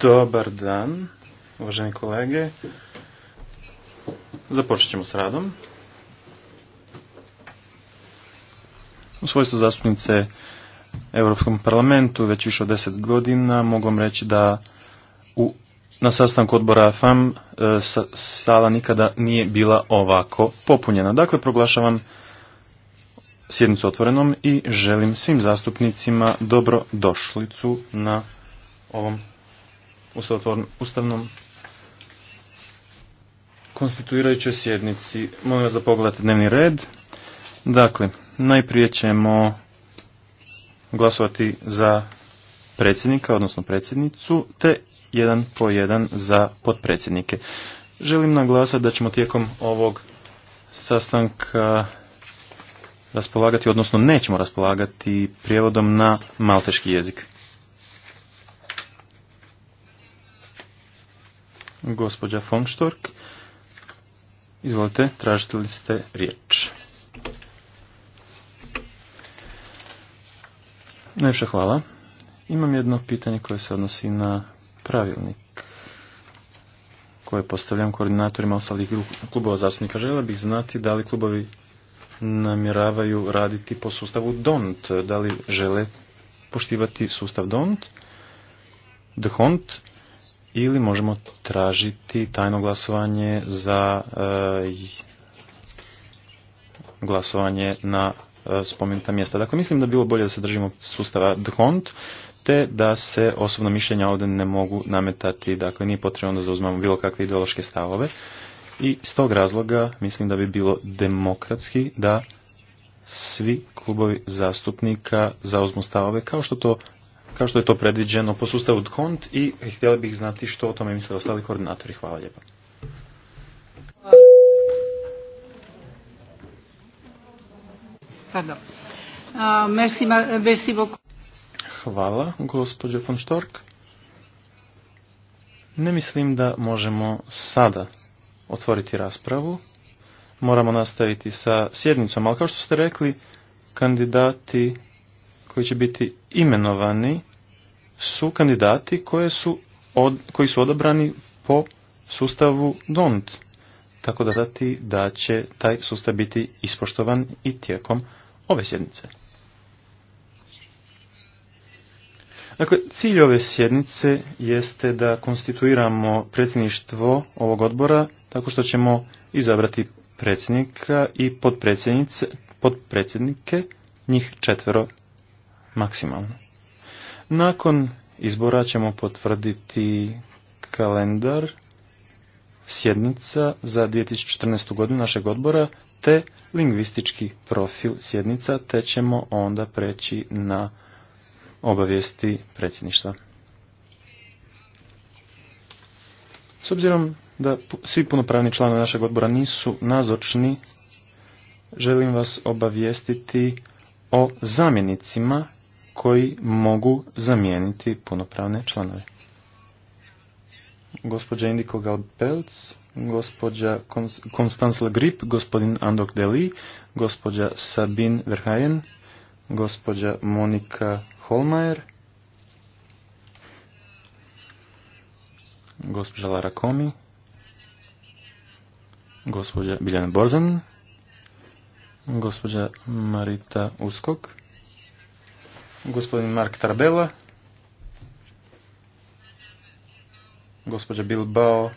Dobar dan, uvaženi kolege. Započet ćemo s radom. U svojstvu zastupnice Europskom parlamentu već više od deset godina mogu vam reći da u na sastanku odbora FAM e, sala nikada nije bila ovako popunjena. Dakle, proglašavam sjednicu otvorenom i želim svim zastupnicima dobro na ovom ustavnom konstituirajućoj sjednici. Molim vas da pogledate dnevni red. Dakle, najprije ćemo glasovati za predsjednika, odnosno predsjednicu, te jedan po jedan za potpredsjednike. Želim naglasati da ćemo tijekom ovog sastanka raspolagati, odnosno nećemo raspolagati prijevodom na malteški jezik. Gospođa von izvolite, tražite li ste riječ? Najviše hvala. Imam jedno pitanje koje se odnosi na pravilnik koje postavljam koordinatorima ostalih klubova zastupnika. Žela bih znati da li klubovi namjeravaju raditi po sustavu DONT, da li žele poštivati sustav DONT, Hunt, ili možemo tražiti tajno glasovanje za e, glasovanje na E, spomenuta mjesta. Dakle, mislim da bilo bolje da se držimo sustava DHONT, te da se osobno mišljenja ovdje ne mogu nametati, dakle nije potrebno da zauzmemo bilo kakve ideološke stavove. I s tog razloga mislim da bi bilo demokratski da svi klubovi zastupnika zauzmu stavove kao što to kao što je to predviđeno po sustavu DKONT i htjeli bih znati što o tome misle ostali koordinatori. Hvala lijepa. Hvala, gospođo von Stork. Ne mislim da možemo sada otvoriti raspravu. Moramo nastaviti sa sjednicom, ali kao što ste rekli, kandidati koji će biti imenovani su kandidati su od, koji su odabrani po sustavu DONT tako da zati da će taj sustav biti ispoštovan i tijekom ove sjednice. Dakle, cilj ove sjednice jeste da konstituiramo predsjedništvo ovog odbora tako što ćemo izabrati predsjednika i podpredsjednike, njih četvero maksimalno. Nakon izbora ćemo potvrditi kalendar sjednica za 2014. godinu našeg odbora te lingvistički profil sjednica te ćemo onda preći na obavijesti predsjedništva. S obzirom da svi punopravni članovi našeg odbora nisu nazočni, želim vas obavijestiti o zamjenicima koji mogu zamijeniti punopravne članove gospođa Indiko Galpelc, gospođa Konstanz Grip, gospodin Andok Deli, gospođa Sabin Verhajen, gospođa Monika Holmajer, gospođa Lara Komi, gospođa Biljana Borzan, gospođa Marita Uskok, gospodin Mark Tarbela, gospođa Bilbao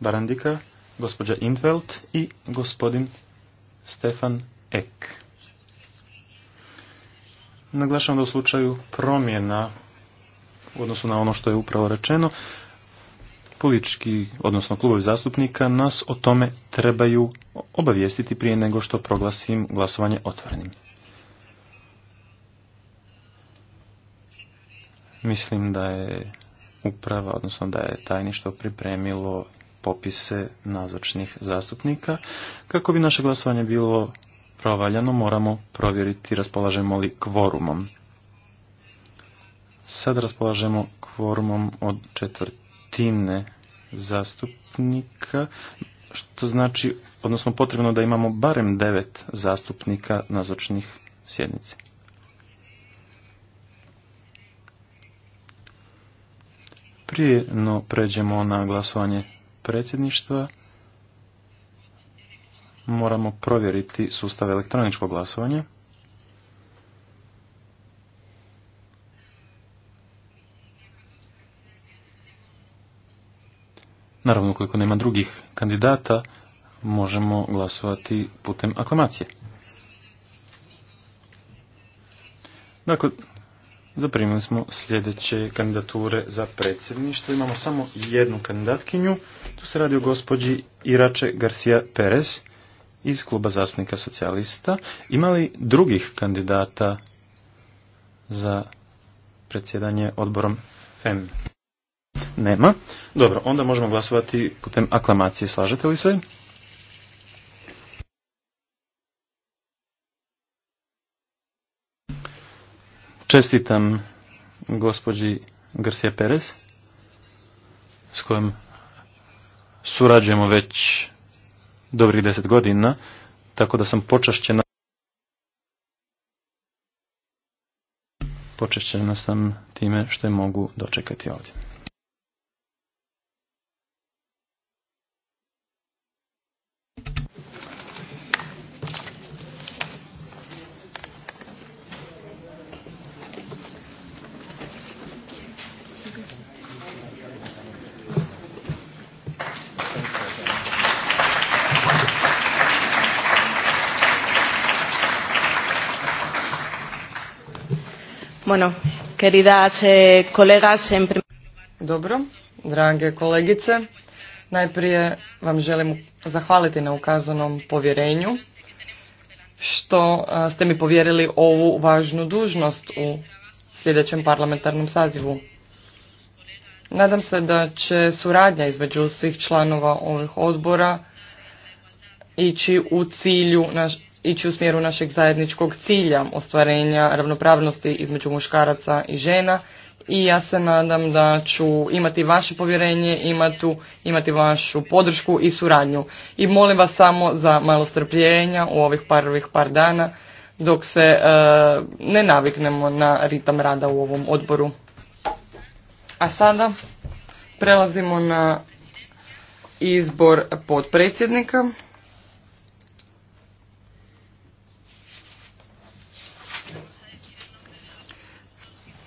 Barandika, gospođa Intveld i gospodin Stefan Ek. Naglašavam da u slučaju promjena u odnosu na ono što je upravo rečeno, politički, odnosno klubovi zastupnika, nas o tome trebaju obavijestiti prije nego što proglasim glasovanje otvorenim. Mislim da je uprava, odnosno da je tajništvo pripremilo popise nazočnih zastupnika. Kako bi naše glasovanje bilo provaljano, moramo provjeriti raspolažemo li kvorumom. Sad raspolažemo kvorumom od četvrtine zastupnika, što znači, odnosno potrebno da imamo barem devet zastupnika nazočnih sjednici. Prije no pređemo na glasovanje predsjedništva, moramo provjeriti sustav elektroničkog glasovanja. Naravno, koliko nema drugih kandidata, možemo glasovati putem aklamacije. Dakle, zaprimili smo sljedeće kandidature za predsjedništvo. Imamo samo jednu kandidatkinju. Tu se radi o gospođi Irače Garcia Perez iz kluba zastupnika socijalista. Ima li drugih kandidata za predsjedanje odborom FEM? Nema. Dobro, onda možemo glasovati putem aklamacije. Slažete li se? Čestitam gospođi Garcia Perez s kojom surađujemo već dobrih deset godina, tako da sam počašćena počašćena sam time što je mogu dočekati ovdje. Bueno, queridas eh, Dobro, drage kolegice, najprije vam želim zahvaliti na ukazanom povjerenju što ste mi povjerili ovu važnu dužnost u sljedećem parlamentarnom sazivu. Nadam se da će suradnja između svih članova ovih odbora ići u cilju naš, ići u smjeru našeg zajedničkog cilja ostvarenja ravnopravnosti između muškaraca i žena i ja se nadam da ću imati vaše povjerenje, imati, imati vašu podršku i suradnju. I molim vas samo za malo strpljenja u ovih par, par dana dok se e, ne naviknemo na ritam rada u ovom odboru. A sada prelazimo na izbor potpredsjednika.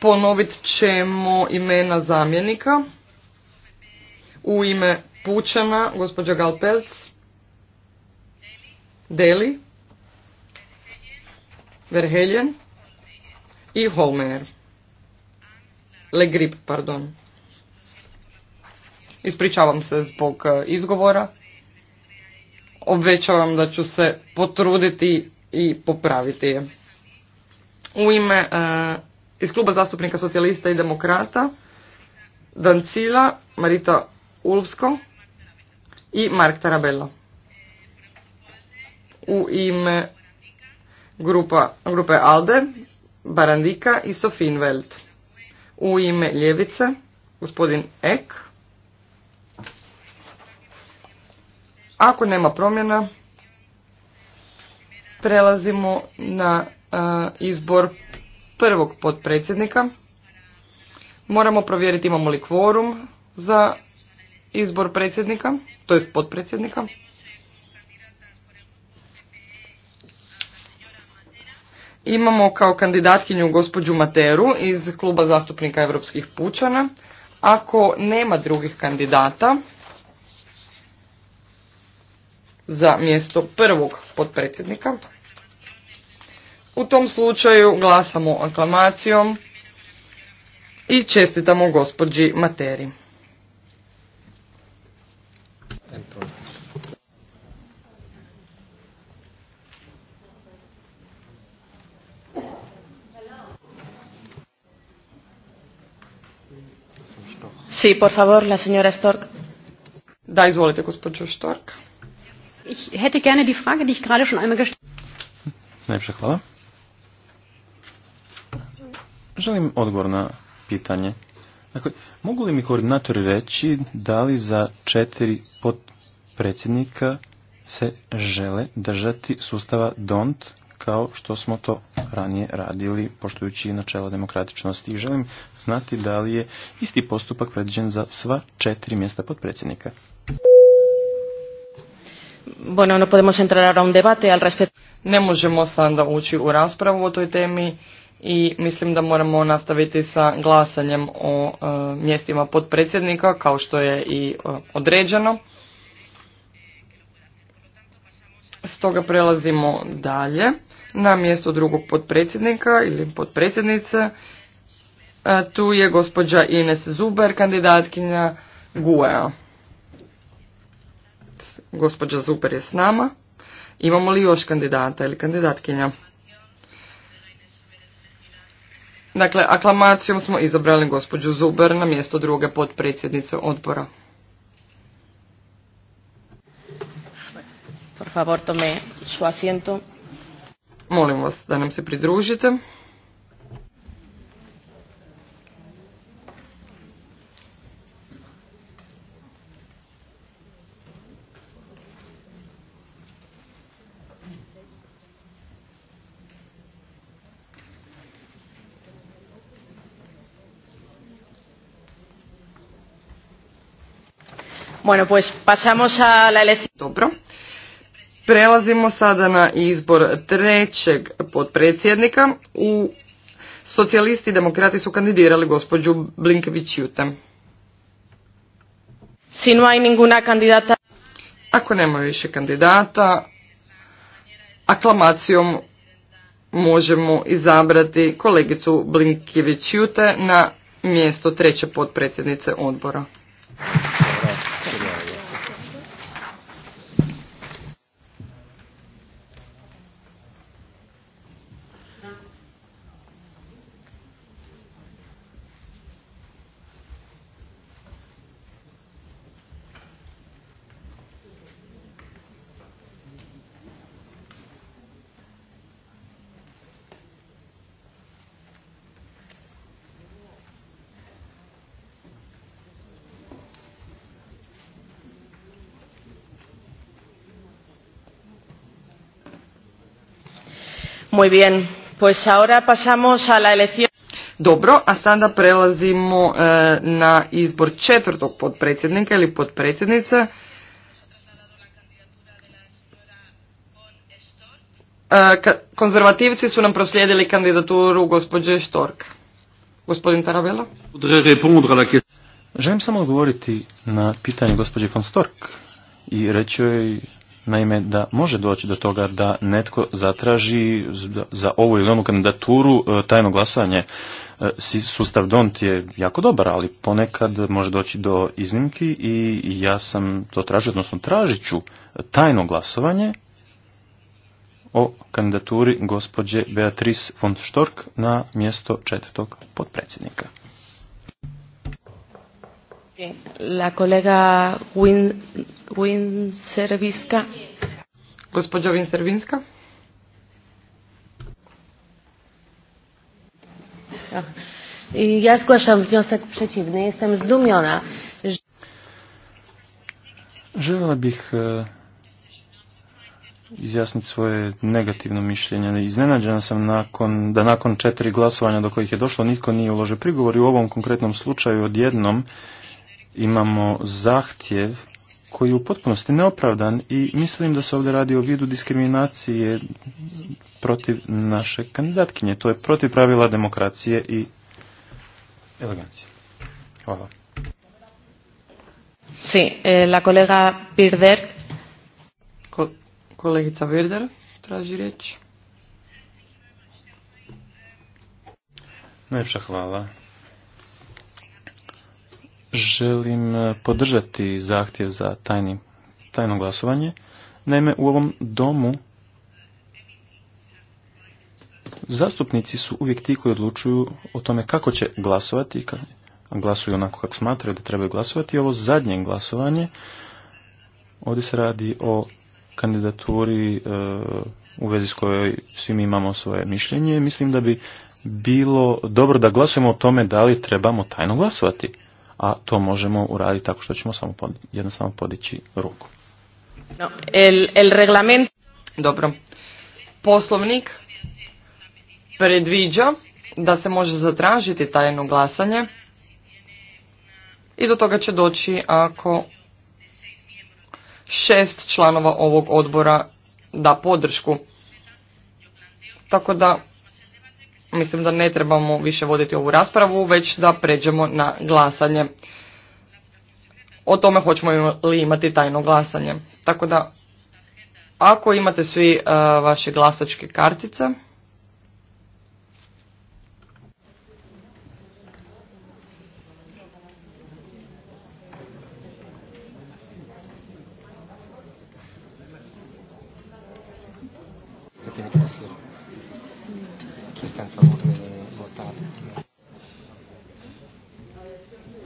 Ponovit ćemo imena zamjenika. U ime Pučana, gospođa Galpelc, Deli, Verheljen i Holmer. Legrip, pardon. Ispričavam se zbog e, izgovora. Obećavam da ću se potruditi i popraviti je. U ime e, iz kluba zastupnika socijalista i demokrata Dancila, Marita Ulfsko i Mark Tarabella. U ime grupa, grupe Alde, Barandika i Sofin U ime Ljevice, gospodin Ek. Ako nema promjena, prelazimo na eh, izbor prvog potpredsjednika. Moramo provjeriti imamo li kvorum za izbor predsjednika, to jest potpredsjednika. Imamo kao kandidatkinju gospođu Materu iz Kluba zastupnika Europskih pučana. Ako nema drugih kandidata za mjesto prvog potpredsjednika, u tom slučaju glasamo aklamacijom i čestitamo gospođi Materi. Sí, por favor, la señora Stork. Da, izvolite, gospođo Stork. Ich hätte gerne die Frage, die ich gerade schon einmal gestellt habe. Najpša hvala. Želim odgovor na pitanje. Dakle, mogu li mi koordinatori reći da li za četiri potpredsjednika se žele držati sustava DONT kao što smo to ranije radili poštujući načela demokratičnosti i želim znati da li je isti postupak predviđen za sva četiri mjesta potpredsjednika. Bueno, no podemos entrar ahora un debate al respecto. Ne možemo sada ući u raspravu o toj temi i mislim da moramo nastaviti sa glasanjem o e, mjestima potpredsjednika kao što je i e, određeno. Stoga prelazimo dalje na mjesto drugog potpredsjednika ili potpredsjednice. E, tu je gospođa Ines Zuber, kandidatkinja GUEA. Gospođa Zuber je s nama. Imamo li još kandidata ili kandidatkinja? Dakle, aklamacijom smo izabrali gospođu Zuber na mjesto druge potpredsjednice odbora. Por favor, tome su Molim vas da nam se pridružite. Dobro. Prelazimo sada na izbor trećeg potpredsjednika. U socijalisti i demokrati su kandidirali gospođu Blinkević Jute. Ako nema više kandidata, aklamacijom možemo izabrati kolegicu Blinkević Jute na mjesto treće potpredsjednice odbora. Dobro, a sada prelazimo e, na izbor četvrtog potpredsjednika ili potpredsjednice. E, konzervativci su nam proslijedili kandidaturu gospođe Štork. Gospodin Tarabela. Želim samo odgovoriti na pitanje gospođe von Stork i reći joj Naime, da može doći do toga da netko zatraži za ovu ili onu kandidaturu e, tajno glasovanje. E, sustav DONT je jako dobar, ali ponekad može doći do iznimki i ja sam to tražio, odnosno tražit ću tajno glasovanje o kandidaturi gospođe Beatrice von Stork na mjesto četvrtog potpredsjednika. La kolega Win Winservinska. Gospođo Winservinska. Ja zgłaszam wniosek przeciwny. Jestem zdumiona. Željela bih izjasniti svoje negativno mišljenje. Iznenađena sam da nakon četiri glasovanja do kojih je došlo niko nije uložio prigovor i u ovom konkretnom slučaju odjednom imamo zahtjev koji je u potpunosti neopravdan i mislim da se ovdje radi o vidu diskriminacije protiv naše kandidatkinje. To je protiv pravila demokracije i elegancije. Hvala. Si, eh, la kolega Birder. kolegica Birder traži riječ. Najljepša hvala želim e, podržati zahtjev za tajno glasovanje. Naime, u ovom domu zastupnici su uvijek ti koji odlučuju o tome kako će glasovati, glasuju onako kako smatraju da trebaju glasovati. Ovo zadnje glasovanje, ovdje se radi o kandidaturi e, u vezi s kojoj svi mi imamo svoje mišljenje. Mislim da bi bilo dobro da glasujemo o tome da li trebamo tajno glasovati a to možemo uraditi tako što ćemo samo pod, jednostavno podići ruku. No, el, el reglament... Dobro. Poslovnik predviđa da se može zatražiti tajno glasanje i do toga će doći ako šest članova ovog odbora da podršku. Tako da mislim da ne trebamo više voditi ovu raspravu, već da pređemo na glasanje. O tome hoćemo li imati tajno glasanje. Tako da, ako imate svi eh, vaše glasačke kartice...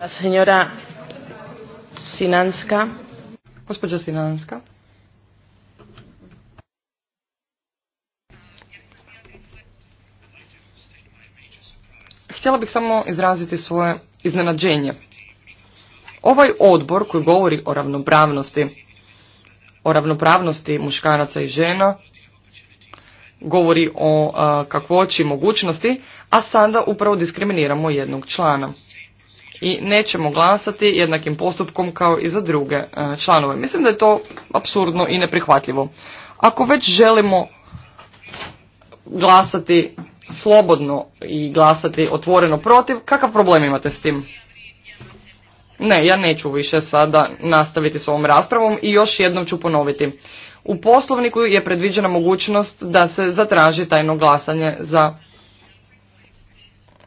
Sinanska. Sinanska. Htjela bih samo izraziti svoje iznenađenje. Ovaj odbor koji govori o ravnopravnosti, o ravnopravnosti muškaraca i žena, govori o kakvoći mogućnosti, a sada upravo diskriminiramo jednog člana i nećemo glasati jednakim postupkom kao i za druge e, članove. Mislim da je to apsurdno i neprihvatljivo. Ako već želimo glasati slobodno i glasati otvoreno protiv, kakav problem imate s tim? Ne, ja neću više sada nastaviti s ovom raspravom i još jednom ću ponoviti. U poslovniku je predviđena mogućnost da se zatraži tajno glasanje za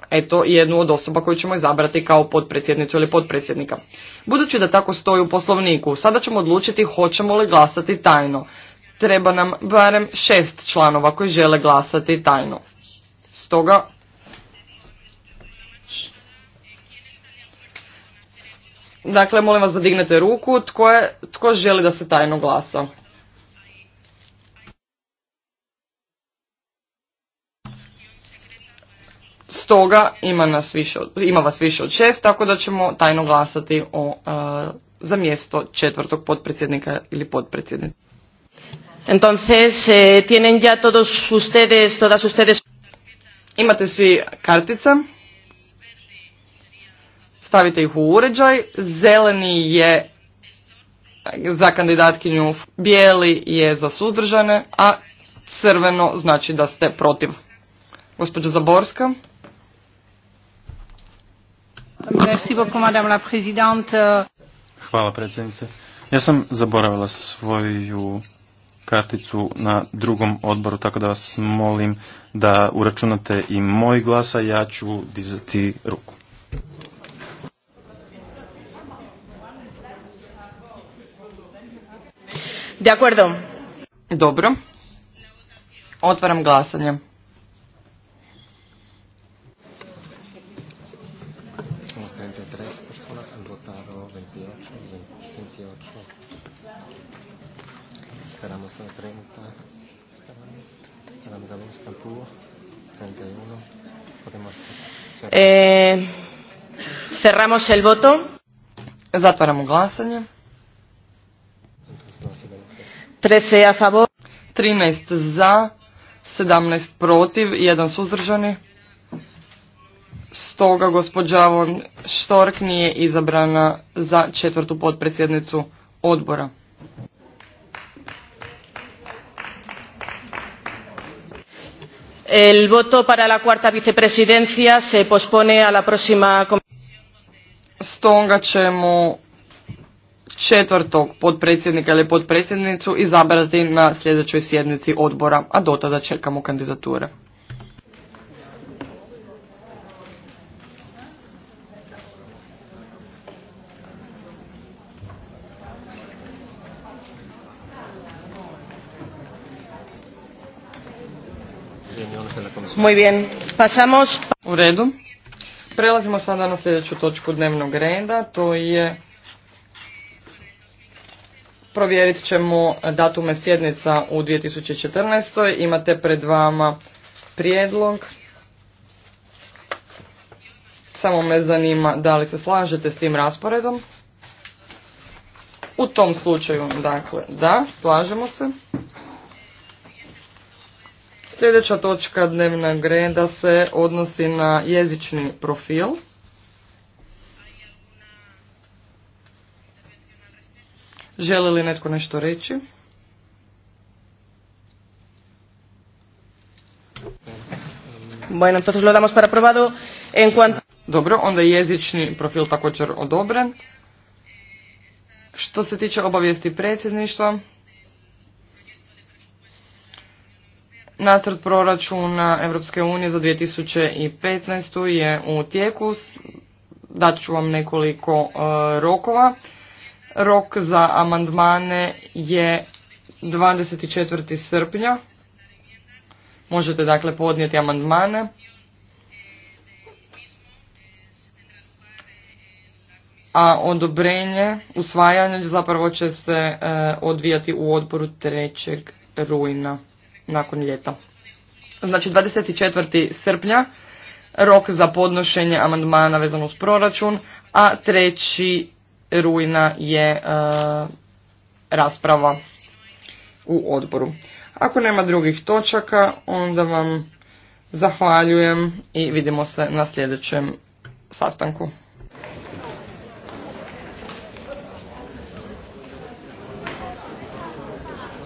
eto jednu od osoba koju ćemo izabrati kao potpredsjednicu ili potpredsjednika. Budući da tako stoji u poslovniku, sada ćemo odlučiti hoćemo li glasati tajno. Treba nam barem šest članova koji žele glasati tajno. Stoga Dakle, molim vas da dignete ruku. Tko, je, tko želi da se tajno glasa? Stoga ima, nas više, ima vas više od šest, tako da ćemo tajno glasati o, e, za mjesto četvrtog potpredsjednika ili potpredsjednika. Entonces, eh, tienen ya todos ustedes, todas ustedes... Imate svi kartice. Stavite ih u uređaj. Zeleni je za kandidatkinju, bijeli je za suzdržane, a crveno znači da ste protiv. Gospođo Zaborska. Hvala predsjednice. Ja sam zaboravila svoju karticu na drugom odboru, tako da vas molim da uračunate i moj glas, a ja ću dizati ruku. Dobro. Otvaram glasanje. Cerramos el voto. Zatvaramo glasanje. 13 a favor. 13 za, 17 protiv, 1 suzdržani. Stoga gospođa Von Štork nije izabrana za četvrtu potpredsjednicu odbora. El voto para la cuarta vicepresidencia se pospone a la próxima Stoga ćemo četvrtog podpredsjednika ili podpredsjednicu izabrati na sljedećoj sjednici odbora, a do tada čekamo kandidature. Muy bien. Pasamos... U redu. Prelazimo sada na sljedeću točku dnevnog reda, to je provjerit ćemo datume sjednica u 2014. Imate pred vama prijedlog. Samo me zanima da li se slažete s tim rasporedom. U tom slučaju, dakle, da, slažemo se. Sljedeća točka dnevnog reda se odnosi na jezični profil. Želi li netko nešto reći? Bueno, entonces lo damos para aprobado. En cuanto... Dobro, onda je jezični profil također odobren. Što se tiče obavijesti predsjedništva, Nacrt proračuna Europske unije za 2015. je u tijeku. Dat ću vam nekoliko e, rokova. Rok za amandmane je 24. srpnja. Možete dakle podnijeti amandmane. A odobrenje, usvajanje zapravo će se e, odvijati u odboru 3. rujna nakon ljeta. Znači 24. srpnja rok za podnošenje amandmana vezano uz proračun, a treći rujna je e, rasprava u odboru. Ako nema drugih točaka, onda vam zahvaljujem i vidimo se na sljedećem sastanku.